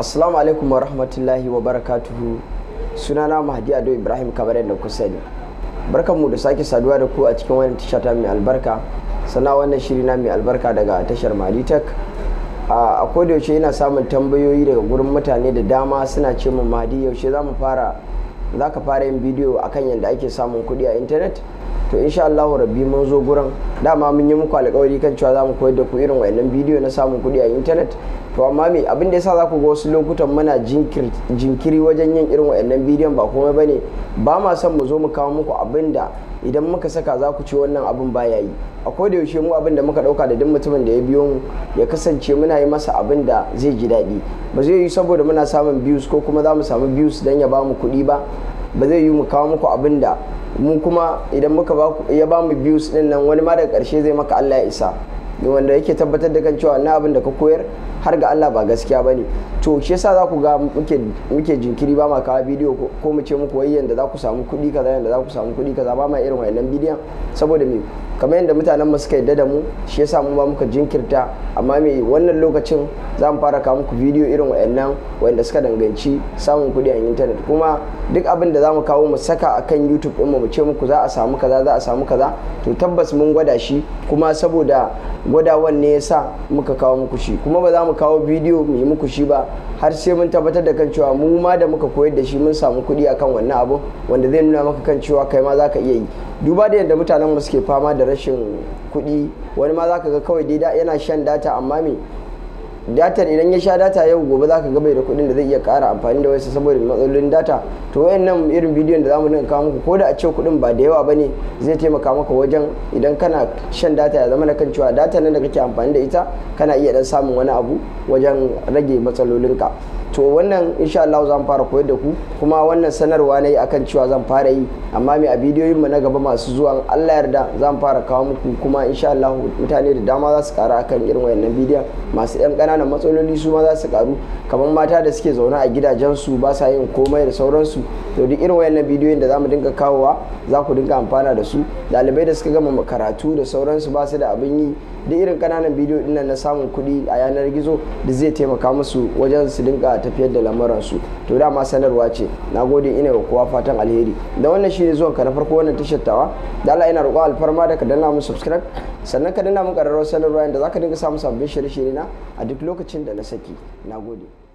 assalamu alaikum wa rahmatullahi wa barakatuhu sunana mahdi ado ibrahim kamar yadda ku sani mu da sake saduwa da ku a cikin wani tasha ta mai albarka sana wannan shiri na mai albarka daga tashar malitek a yaushe ina samun tambayoyi daga gurin mutane da dama suna ce min mahdi yaushe za mu fara za ka fara yin bidiyo akan yadda ake samun kuɗi a intanet to insha Allah rabbi mun zo gurin dama mun yi muku alƙawari kan cewa za mu koyar da ku irin wayannan bidiyo na samun kuɗi a intanet to amma me abin da yasa za ku ga wasu lokutan muna jinkiri wajen yin irin wayannan bidiyon ba komai bane ba ma son mu zo mu kawo muku abin idan muka saka za ku ci wannan abin ba ya yi akwai da yaushe mu abin da muka dauka da duk mutumin da ya biyo mu ya kasance muna yi masa abin da zai ji daɗi ba zai yi saboda muna samun views ko kuma za mu samu views don ya ba mu kuɗi ba ba zai yi mu kawo muku abin da mu kuma idan muka ya ba mu biyu su nan wani ma daga karshe zai maka Allah ya isa wanda yake tabbatar da kan cewa na abin da ka koyar har ga Allah ba gaskiya ba ne to shi yasa za ku ga muke jinkiri ba ma kawo bidiyo ko mu ce muku wayyan da za ku samu kuɗi kaza yanda za ku samu kuɗi kaza ba ma irin wayannan bidiyon saboda me kamar yadda mutanen mu suka yadda da mu shi yasa mu ba muka jinkirta amma mai wannan lokacin za mu fara kawo muku bidiyo irin wayannan wayanda suka danganci samun kuɗi a intanet kuma duk abin da za mu kawo mu saka akan YouTube ɗin mu mu ce muku za a samu kaza za a samu kaza to tabbas mun gwada shi kuma saboda gwadawan ne yasa muka kawo muku shi kuma ba za mu kawo bidiyo mu yi muku shi ba har sai mun tabbatar da kan cewa mu ma da muka koyar da shi mun samu kuɗi akan wannan abu wanda zai nuna maka kan cewa kai ma za ka iya yi duba da yadda mutanen mu suke fama da rashin kuɗi wani ma zaka ga kawai dai yana shan data amma me datar idan ya sha data yau gobe zaka ga bai da kuɗin da zai iya kara amfani da wasu saboda matsalolin data to wayannan irin bidiyon da zamu dinga kawo muku ko da a ce kuɗin ba da yawa bane zai taimaka maka wajen idan kana shan data ya zama na kan cewa data nan da kake amfani da ita kana iya dan samun wani abu wajen rage matsalolinka to wannan insha Allah zan fara koyar da ku kuma wannan sanarwa ne akan cewa zan fara yi amma mai a bidiyoyin mu na gaba masu zuwa Allah yarda zan fara kawo muku kuma insha Allah mutane da dama za su kara akan irin wayannan bidiyon masu yan ƙananan matsaloli su ma za su karu kamar mata da suke zaune a gidajen su ba sa yin komai da sauransu to duk irin wayannan bidiyoyin da zamu dinga kawowa za ku dinga amfana da su dalibai da suka gama karatu da sauransu ba su da abin yi duk irin ƙananan bidiyo nan na samun kuɗi a yanar gizo da zai taimaka musu wajen su dinga a tafiyar da su to dama sanarwa ce na gode ina ga kowa fatan alheri da wannan shi ne zuwan ka na farko wannan tashar tawa da Allah ina roƙon alfarma da ka danna mu subscribe sannan ka danna mu ƙararrawar sanarwa yanda za ka dinga samun sabbin shirye-shirye na a duk lokacin da na saki na gode